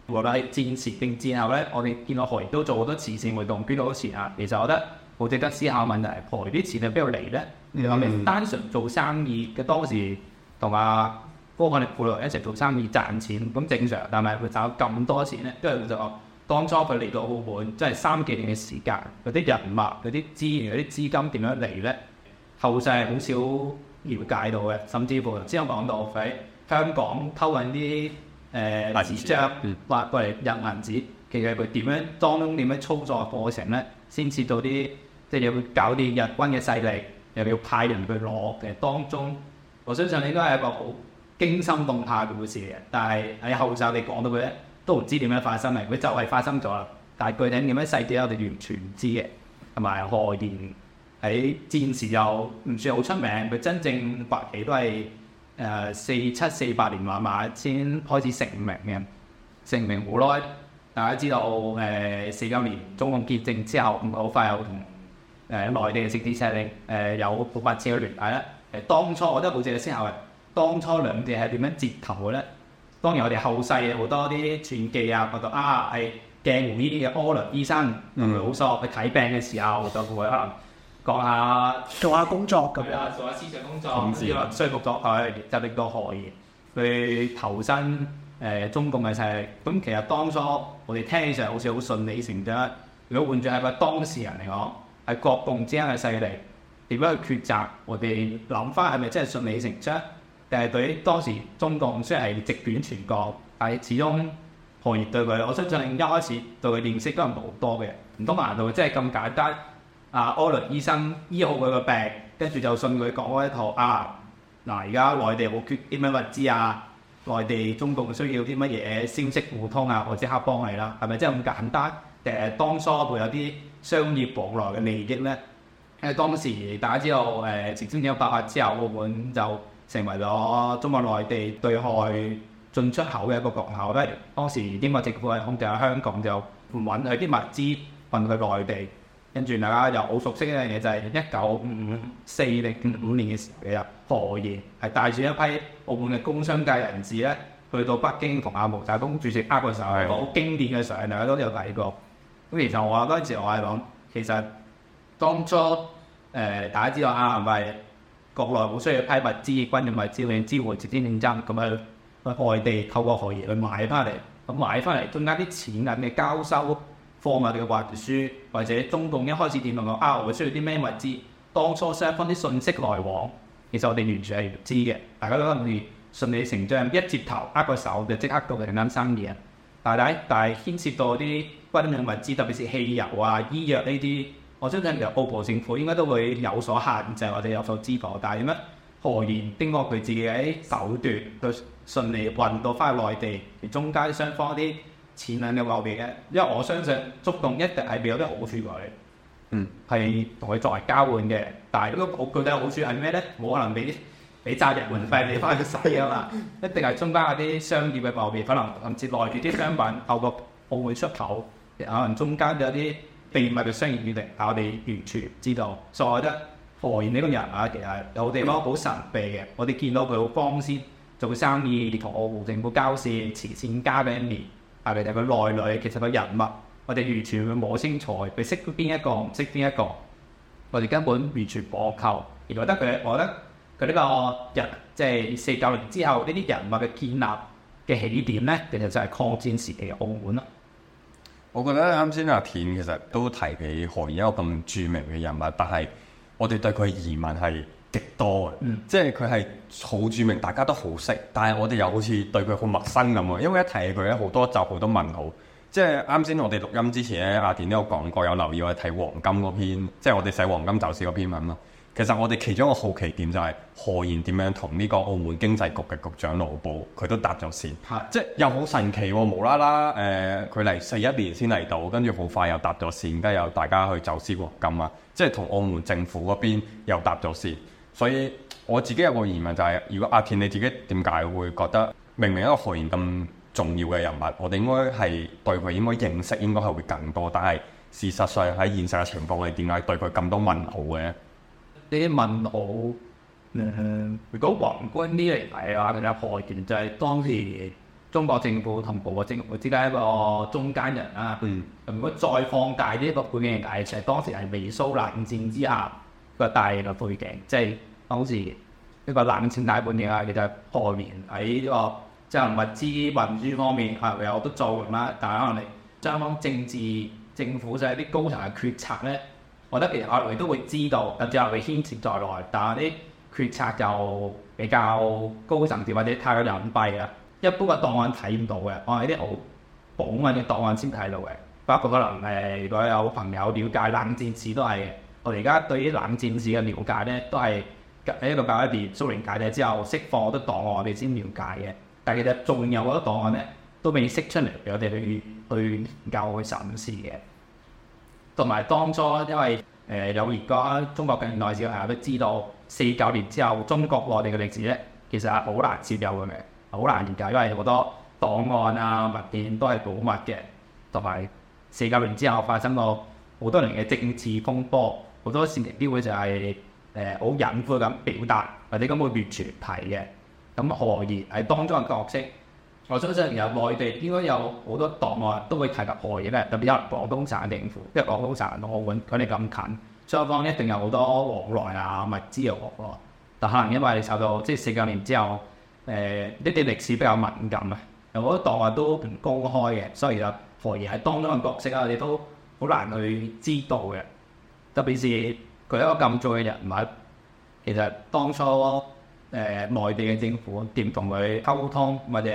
無論係戰前定戰後咧，我哋見到何賢都做好多慈善活動，捐好多錢啊。其實我覺得好值得思考的問題，何啲錢喺邊度嚟咧？你話咪單純做生意嘅當時同阿、啊、高可寧父一齊做生意賺錢咁正常，但係佢賺咁多錢咧，即係就講當初佢嚟到澳門，即、就、係、是、三幾年嘅時間，嗰啲人脈、啊、嗰啲資源、嗰啲資金點樣嚟咧？後世係好少了解到嘅，甚至乎之先講到喺香港偷運啲。誒紙張發過嚟入銀紙，其實佢點樣當中點樣操作過程咧，先至到啲，即係你要搞掂日軍嘅勢力，又要派人去攞，其實當中，我相信你都係一個好驚心動魄嘅故事嚟嘅。但係喺後世，你講到佢咧，都唔知點樣發生嚟。佢就係發生咗啦，但係具體點樣細節，我哋完全唔知嘅。同埋何賢喺戰時又唔算好出名，佢真正白旗都係。呃、四七四八年話嘛，先開始成名嘅。成名好耐，大家知道誒四九年中共結政之後，唔係好快又同、呃、內地嘅政治勢力有好密切嘅聯繫啦、呃。當初我都冇知嘅，先後係當初兩地係點樣接頭嘅咧？當然我哋後世好多啲傳記啊，覺得啊係鏡湖依啲嘅柯倫醫生，嗯，好傻去睇病嘅時候，我都會可能。嗯講下做下工作咁樣，做下思想工作，說服咗佢，就令到何賢去投身誒、呃、中共嘅勢力。咁其實當初我哋聽起上好似好順理成章。如果換轉係個當事人嚟講，係國共之間嘅勢力，如果去抉擇，我哋諗翻係咪真係順理成章？定係對於當時中共雖然係席捲全國，但係始終何賢對佢，我相信一開始對佢認識都唔係好多嘅，唔通難道，即係咁簡單。啊，柯倫醫生醫好佢個病，跟住就信佢講開一套啊！嗱、啊，而家內地好缺啲咩物資啊，內地中共需要啲乜嘢消息互通啊，或者黑幫你啦，係咪即係咁簡單？誒、啊，當初會有啲商業往來嘅利益咧。因為當時大家知道誒，前先一百萬之後澳、呃、澳門就成為咗中國內地對外進出口嘅一個局。口、啊、啦。當時英國政府係控制喺香港，就唔允許啲物資運去內地。跟住大家又好熟悉一樣嘢，就係一九五五四零五年嘅時候，嘅何賢係帶住一批澳門嘅工商界人士咧，去到北京同阿毛澤東主席握手嘅時候，好經典嘅相，大家都有睇過。咁其實我嗰陣時我係講，其實當初誒、呃、大家知道啊，唔係國內冇需要批物資，軍用物資支援，直接競爭咁去去外地透過何賢去買翻嚟，咁買翻嚟增加啲錢銀嘅交收。貨物嘅運輸，或者中共一開始點用我啊，會需要啲咩物資？當初雙方啲信息來往，其實我哋完全係唔知嘅。大家都會順理成章一接頭握個手就即刻做緊生意啊！但係但係牽涉到啲不軍用物資，特別是汽油啊、醫藥呢啲，我相信由澳葡政府應該都會有所限制或者有所資格。但係點樣何賢經過佢自己嘅手段，去順利運到翻去內地，而中間雙方啲錢啊！你話別嘅，因為我相信觸動一定係俾有啲好處佢，嗯，係同佢作為交換嘅。但係呢個好具體嘅好處係咩咧？冇可能俾俾賺入門費俾翻佢使啊嘛！一定係中間有啲商業嘅爆變，可能甚至內地啲商品透過澳門出口，可能中間有啲秘密嘅商業秘密，但我哋完全唔知道。所以我覺得何賢呢個人啊，其實有地方好神秘嘅。我哋見到佢好方先做生意，同澳葡政府交涉，慈善家嘅一面。但係佢哋個內裏其實個人物，我哋完全會摸清楚，佢識邊一個唔識邊一個，我哋根本完全摸透。而我覺得佢，我覺得佢呢、這個人，即係四九年之後呢啲人物嘅建立嘅起點咧，其實就係抗戰時期嘅澳門咯。我覺得啱先阿鈿其實都提起何鴻燊咁著名嘅人物，但係我哋對佢疑問係極多，即係佢係好著名，大家都好識，但係我哋又好似對佢好陌生咁，因為一睇佢咧，好多集好多問號。即係啱先，我哋錄音之前咧，阿鈿都有講過，有留意我哋睇黃金嗰篇，即係我哋寫黃金走私嗰篇文嘛。其實我哋其中一個好奇點就係何賢點樣同呢個澳門經濟局嘅局長羅保，佢都搭咗線。嚇的！即係又好神奇喎、哦，無啦啦誒，佢嚟四一年先嚟到，跟住好快又搭咗線，跟住又大家去走私黃金啊！即係同澳門政府嗰邊又搭咗線。所以我自己有一個疑問就係、是，如果阿鈿你自己點解會覺得明明一個何賢咁重要嘅人物，我哋應該係對佢應該認識應該係會更多，但係事實上喺現實嘅情況你點解對佢咁多問號嘅？呢啲問號、嗯，如果宏觀呢嚟睇嘅話，佢阿何賢就係、是、當時中國政府同美國政府之間一個中間人啦、啊。嗯。如果再放大呢一個背景嚟睇，就係當時係美蘇冷戰之下。個大嘅背景，即、就、係、是、好似一個冷戰大背景啦，其實破面喺呢個即係物資運輸方面啊，有得做咁啦。但係可能你將方政治政府就係啲高層嘅決策咧，我覺得其實我哋都會知道，甚至我哋會牽涉在內，但係啲決策就比較高層啲或者太隱蔽啊，一般嘅檔案睇唔到嘅，我係啲好保密嘅檔案先睇到嘅。包括可能誒，如果有朋友了解冷戰史都係。我哋而家對於冷戰史嘅了解咧，都係喺一個解完蘇聯解體之後釋放好多檔案，我哋先了解嘅。但其實仲有好多檔案咧，都未釋出嚟，畀我哋去去研究去審視嘅。同埋當初因為誒、呃、有而家中國近代史嘅人都知道，四九年之後中國內地嘅歷史咧，其實係好難接觸嘅，好難研究，因為好多檔案啊物件都係保密嘅。同埋四九年之後發生過好多年嘅政治風波。好多線型標會就係誒，好隱晦咁表達，或者咁會完全提嘅。咁何賢喺當中嘅角色，我相信有內地應該有好多檔案都會提及何賢咧，特別有為廣東省政府，因為廣東省同澳門佢哋咁近，雙方一定有好多往來啊、物資嘅往來。但可能因為你受到即係四九年之後誒、呃、一啲歷史比較敏感啊，好多檔案都唔公開嘅，所以其實何賢喺當中嘅角色啊，我哋都好難去知道嘅。特別是佢一個咁重嘅人物，其實當初誒內、呃、地嘅政府點同佢溝通，或者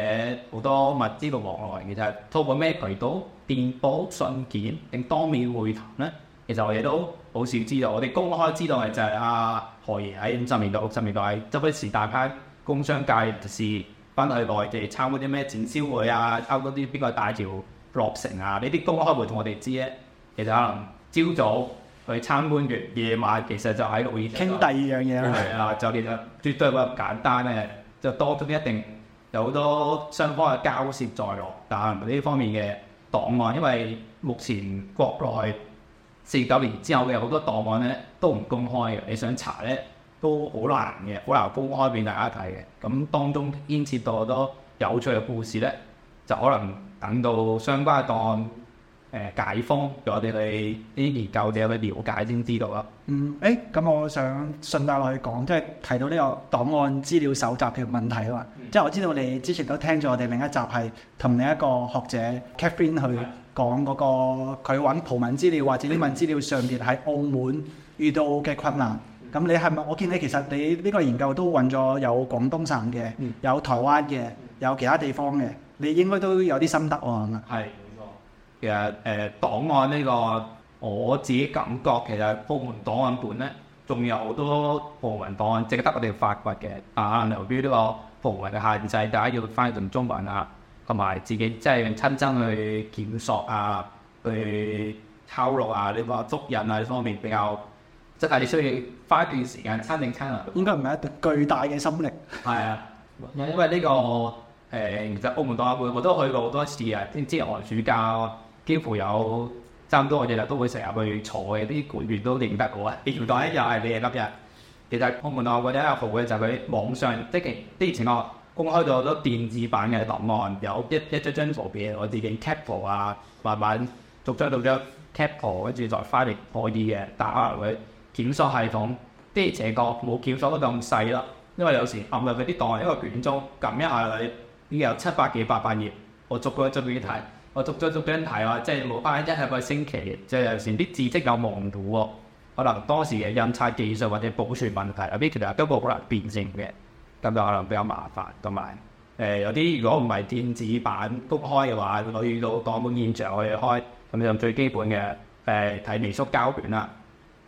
好多物資嘅往來，其實透過咩渠道，電報信件定當面會談咧？其實我哋都好少知道。我哋公開知道嘅就係、是、阿、啊、何爺喺五十年代、六十年代執一次大派工商界人士翻去內地參加啲咩展銷會啊，搞多啲邊個大條落成啊？呢啲公開會同我哋知咧，其實可能朝早。去參觀完夜晚，其實就喺度傾第二樣嘢啦。係啊，就其實絕對冇咁簡單嘅，就當中一定有好多雙方嘅交涉在內。但係呢方面嘅檔案，因為目前國內四九年之後嘅好多檔案咧都唔公開嘅，你想查咧都好難嘅，好難公開俾大家睇嘅。咁當中牽涉到好多有趣嘅故事咧，就可能等到相關嘅檔案解封，我哋去啲研究你有咩了解先知道啊？嗯，誒、欸，咁，我想順帶落去講，即係提到呢個檔案資料搜集嘅問題啊嘛。嗯、即係我知道你之前都聽咗我哋另一集係同另一個學者 Catherine 去講嗰、那個佢揾葡文資料或者英文資料上邊喺澳門遇到嘅困難。咁、嗯、你係咪？我見你其實你呢個研究都揾咗有廣東省嘅，嗯、有台灣嘅，有其他地方嘅，你應該都有啲心得啊。嗯，係。其實誒檔、呃、案呢、這個，我自己感覺其實澳門檔案館咧，仲有好多葡文檔案值得我哋發掘嘅啊，例如呢個葡文嘅限制，大家要翻一段中文啊，同埋自己即係親身去檢索啊，去抄錄啊，呢個捉人啊，呢方面比較即係、啊、你需要花一段時間親力親為，應該唔係一個巨大嘅心力，係啊， 因為呢、這個誒其實澳門檔案館我都去過好多次啊，即係寒暑假。幾乎有差唔多我日日都會成日去坐嘅，啲管員都認得我啊！條袋又係靚粒日。其實我原來我覺得一個好嘅就係佢網上即其啲以前我公開咗好多電子版嘅檔案，有一一張張圖片，我自己 cap 啊，慢慢逐張到張 cap 跟住再翻嚟可以嘅。但係可能佢檢索系統啲以前個冇檢索得咁細咯，因為有時撳入去啲袋一個卷宗，撳一下你，已經有七百幾八百頁，我逐張逐張睇，我逐咗逐俾人睇喎，即係冇翻一兩個星期，即係有時啲字跡又望唔到喎。可能當時嘅印刷技術或者保存問題，有啲條啊根本可能變形嘅，咁就可能比較麻煩。同埋誒有啲、呃、如果唔係電子版公開嘅話，我遇到檔案現象我哋開。咁就最基本嘅誒睇微縮膠卷啦。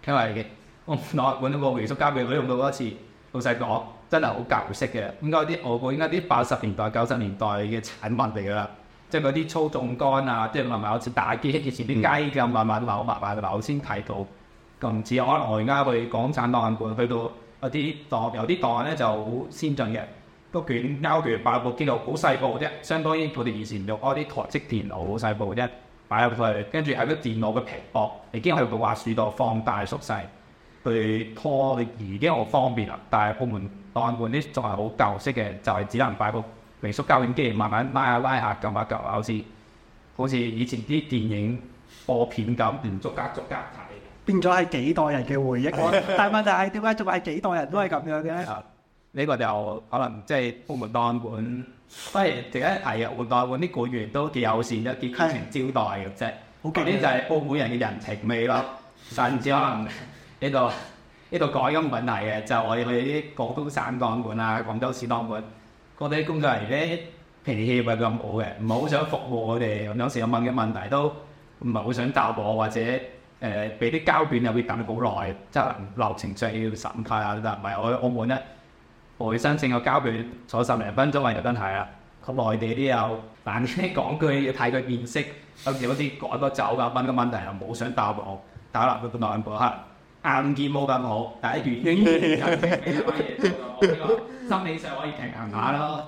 因為我攞揾到個微縮膠卷，我用到多次。老實講真係好舊式嘅，應該啲我估應該啲八十年代九十年代嘅產品嚟噶啦。即係嗰啲操縱桿啊，即係慢慢好似打機，以前啲雞咁，慢慢流，慢慢流先睇到。咁只可能我而家去廣州檔案館去到嗰啲檔，有啲檔案咧就好先進嘅，都卷膠卷擺部機度，好細部啫。相當於我哋以前用嗰啲台式電腦好細部啫，擺入去，跟住喺個電腦嘅屏幕，已機去到個滑鼠度放大縮細，去拖已經好方便啦。但係部門檔案館啲仲係好舊式嘅，就係、是、只能擺部微縮膠片機慢慢拉下拉下，撳下撳下，好似好似以前啲電影播片咁，逐格逐格睇。變咗係幾代人嘅回憶咯。但問題係點解仲係幾代人都係咁樣咧？呢個就可能即係澳門檔案館，不如而家提下澳門檔案館啲僱員都幾友善，都幾親情招待嘅啫。好嘅。呢啲就係澳門人嘅人情味咯。甚至可能呢度呢度講一個問題嘅，就係我哋去啲廣東省檔案館啊、廣州市檔案館。我哋啲工作人員咧脾氣唔係咁好嘅，唔係好想服務我哋。有時我問嘅問題都唔係好想答我，或者誒俾啲膠片又要等好耐，即係流程上要審批啊，都唔係。我澳門咧，我，我申請個膠片坐十零分鐘或又真係啊，咁 內地都有，但係講句要睇佢面色，有時嗰啲趕走噶問個問題又冇想答我，打咗佢半耐半硬件冇咁好，第一段。硬件可以，心理上可以平衡下咯。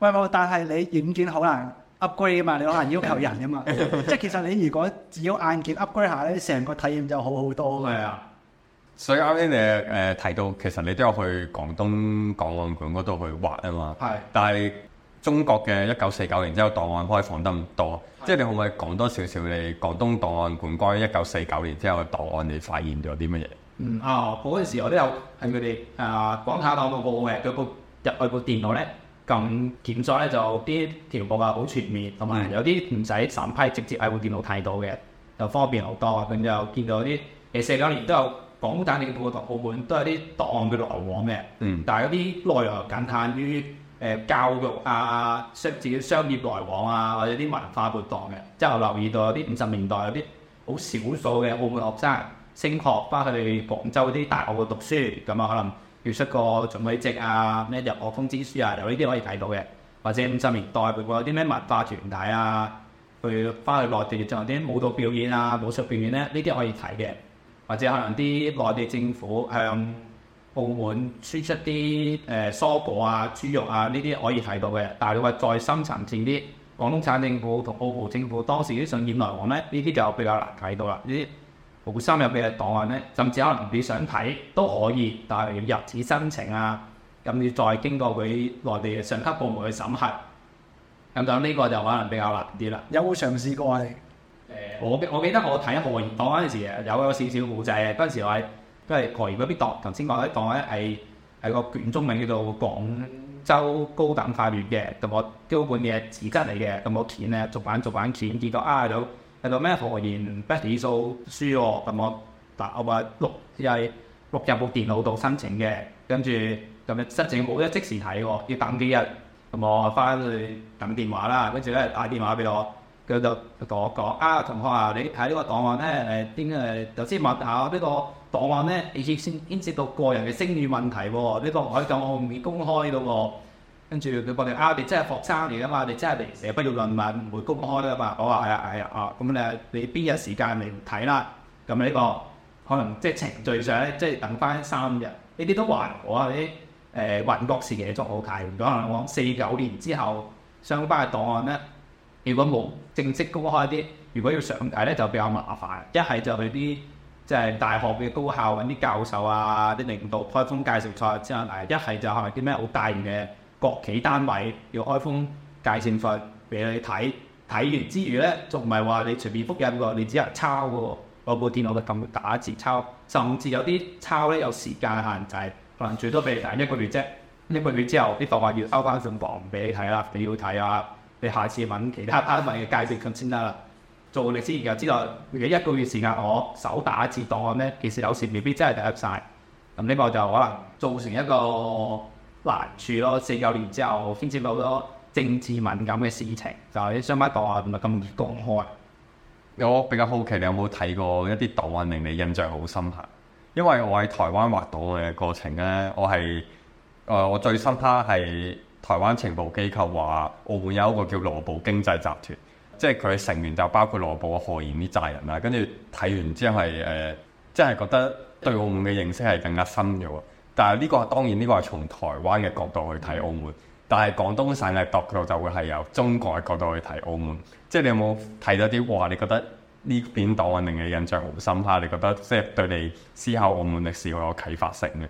喂，我但係你軟件好難 upgrade 啊嘛，你好難要求人啊嘛。即係 其實你如果只要硬件 upgrade 下咧，成個體驗就好好多。係啊的，所以啱啱你誒提到，其實你都有去廣東檔案館嗰度去畫啊嘛。係的，但係。中國嘅一九四九年之後檔案開是的 可，可以放得咁多？即係你可唔可以講多少少你廣東檔案館關於一九四九年之後嘅檔案，你發現咗啲乜嘢？嗯啊，嗰陣時我都有喺佢哋誒廣夏檔案部嘅，佢部入去部電腦咧咁檢索咧，就啲條目啊好全面，同埋、嗯、有啲唔使審批，直接喺部電腦睇到嘅，就方便好多。咁就見到啲誒四九年都有廣大，你嘅報告同澳門都有啲檔案嘅來往黃嘅，嗯、但係嗰啲內容僅限於。誒教育啊，商自己的商業來往啊，或者啲文化活動嘅，即係我留意到有啲五十年代有啲好少數嘅澳門學生升學翻去佢哋廣州啲大學去讀書，咁啊可能要出個進學證啊，咩入學通知書啊，由呢啲可以睇到嘅。或者五十年代會唔會有啲咩文化團體啊，去翻去內地進行啲舞蹈表演啊、武術表演咧？呢啲可以睇嘅。或者可能啲內地政府向。澳門輸出啲誒蔬果啊、豬肉啊呢啲可以睇到嘅，但係你話再深層次啲，廣東省政府同澳門政府當時啲信件來往咧，呢啲就比較難睇到啦。呢啲好深入嘅檔案咧，甚至可能你想睇都可以，但係要入紙申請啊，咁你再經過佢內地嘅上級部門去審核，咁就呢個就可能比較難啲啦。有冇嘗試過係？欸、我我記得我睇何賢檔案嗰陣時有，有有少少古仔嘅，嗰陣時我係。因為何賢嗰邊讀，頭先講咧讀咧係係個卷宗名叫做廣州高等法院嘅，咁我交款嘅紙質嚟嘅，咁我錢咧逐版逐版錢，見到啊有係度咩何賢 t 字數輸錯，咁我打我話錄又係錄入部電腦度申請嘅，跟住咁樣申請冇得即時睇喎，要等幾日，咁我翻去等電話啦，跟住咧打電話俾我。佢就同我講：啊，同學啊，你睇呢個檔案咧，誒點誒？頭先問下呢個檔案咧，已經牽涉到個人嘅聲譽問題喎，呢個唔可以咁唔公開嘅喎。跟住佢講：你啊，你真係學生嚟㗎嘛？你真係嚟寫畢業論文，唔會公開㗎嘛？我話係、哎哎、啊，係啊，啊咁你你邊日時間唔睇啦？咁呢個可能即係程序上咧，即係等翻三日。呢啲都還我啊，啲誒民國時期嘅檔案睇唔到啊！我四九年之後上班嘅檔案咧。如果冇正式公開啲，如果要上大咧就比較麻煩。一係就去啲即係大學嘅高校揾啲教授啊啲領導開封介紹信之後，一係就係啲咩好大型嘅國企單位要開封介紹信俾你睇。睇完之餘咧，仲唔係話你隨便複印喎？你只係抄喎。我部電腦就撳打字抄，甚至有啲抄咧有時間限制，可能最多俾你睇一個月啫。一個月之後，啲檔案要收翻信房，唔俾你睇啦。你要睇啊！你下次問其他單位嘅介紹咁先得啦，做歷史研究知道，如果一個月時間我手打字檔案咧，其實有時未必真係 type 曬，咁呢個就可能造成一個難處咯。四九年之後先至有好多政治敏感嘅事情，就係你上品檔案唔係咁易公開。我比較好奇你有冇睇過一啲檔案令你印象好深刻？因為我喺台灣畫檔嘅過程咧，我係誒，我最深刻係。台灣情報機構話，澳門有一個叫羅布經濟集團，即係佢嘅成員就包括羅布啊、何賢啲債人啦。跟住睇完之後係誒、呃，真係覺得對澳門嘅認識係更加深咗。但係、這、呢個當然呢個係從台灣嘅角度去睇澳門，但係廣東省嘅角度就會係由中國嘅角度去睇澳門。即係你有冇睇到啲話？你覺得呢邊檔案令你印象好深刻？你覺得即係對你思考澳門歷史好有啟發性嘅？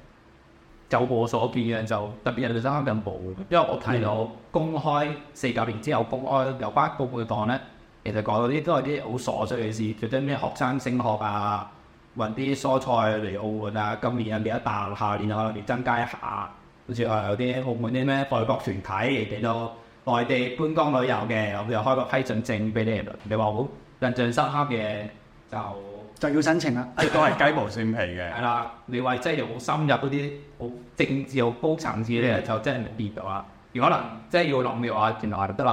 就我所見嘅就特別印象深刻，就冇，因為我睇到公開四九年之後公開有翻公布嘅檔案咧，其實講嗰啲都係啲好傻衰嘅事，最多咩學生升學啊，運啲蔬菜嚟澳門啊，今年有幾多啖，下年可能又增加一下，好似話有啲澳門啲咩外國團體嚟到內地觀光旅遊嘅，我哋又開個批准證俾你，你話好印象深刻嘅就。就要申請啦， 都係雞毛蒜皮嘅。係啦，你話真係好深入嗰啲好政治好高層次嘅就真係未必到啦。如果能即係要諗嘅話，原來我哋都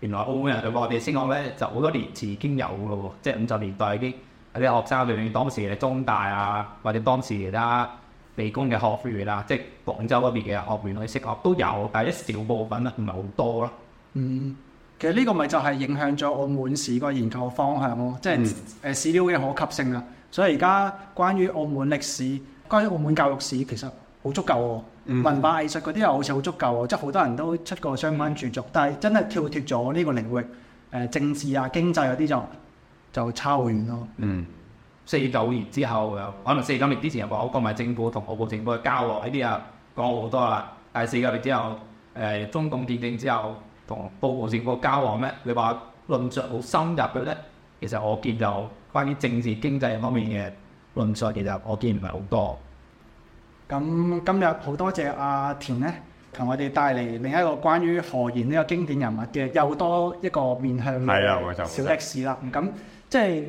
原來澳門人對我哋升學咧，就好多年前已經有嘅喎。即係五十年代已經嗰啲學生，譬如當時嘅中大啊，或者當時其他理工嘅學、就是、學員啦，即係廣州嗰邊嘅學員去識學都有，但係一小部分啦，唔係好多咯。嗯。其實呢個咪就係影響咗澳門史個研究方向咯，啊，即係誒史料嘅可及性啊。所以而家關於澳門歷史、關於澳門教育史其實好足夠喎，啊，嗯、文化藝術嗰啲又好似好足夠喎，啊，即係好多人都出過相關著作。嗯、但係真係跳脫咗呢個領域，誒、呃、政治啊、經濟嗰啲就就差好遠咯。嗯，四九年之後又，可能四九年之前又講過國民政府同澳葡政府嘅交往呢啲啊，講好多啦。但係四九年之後，誒、呃、中共建政之後。同報復政府交往咩？你話論述好深入嘅咧，其實我見就關於政治經濟方面嘅論述，其實我見唔係好多、嗯。咁今日好多謝阿田咧，同我哋帶嚟另一個關於何賢呢個經典人物嘅又多一個面向啊，就小歷史啦。咁即係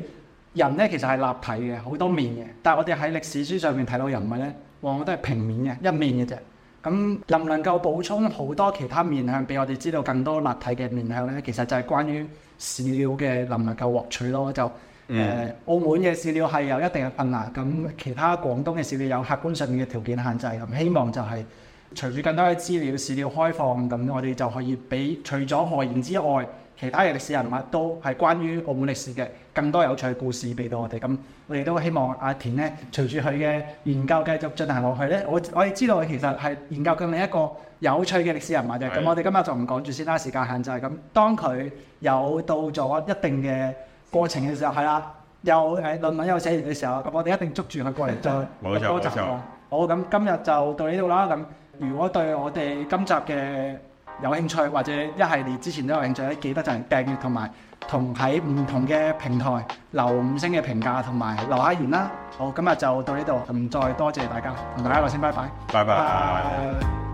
人咧，其實係立體嘅，好多面嘅。但係我哋喺歷史書上面睇到人物咧，往往都係平面嘅一面嘅啫。咁能唔能夠補充好多其他面向俾我哋知道更多立體嘅面向呢？其實就係關於史料嘅能唔能夠獲取咯。就、嗯呃、澳門嘅史料係有一定嘅困難，咁其他廣東嘅史料有客觀上面嘅條件限制。咁希望就係隨住更多嘅資料史料開放，咁我哋就可以俾除咗何賢之外。其他嘅歷史人物都係關於澳門歷史嘅更多有趣嘅故事俾到我哋，咁我哋都希望阿田呢，隨住佢嘅研究繼續進行落去呢，我我哋知道佢其實係研究緊另一個有趣嘅歷史人物嘅，咁的我哋今日就唔講住先啦，時間限制。咁、係咁、當佢有到咗一定嘅過程嘅時候，係啦，有誒論文有寫完嘅時候，咁我哋一定捉住佢過嚟再多集講。好，咁，今日就到呢度啦。咁如果對我哋今集嘅，有興趣或者一系列之前都有興趣咧，記得就係訂閱同埋同喺唔同嘅平台留五星嘅評價同埋留下言啦。好，今日就到呢度，唔再多謝大家，同大家講聲拜拜，拜拜。拜拜拜拜。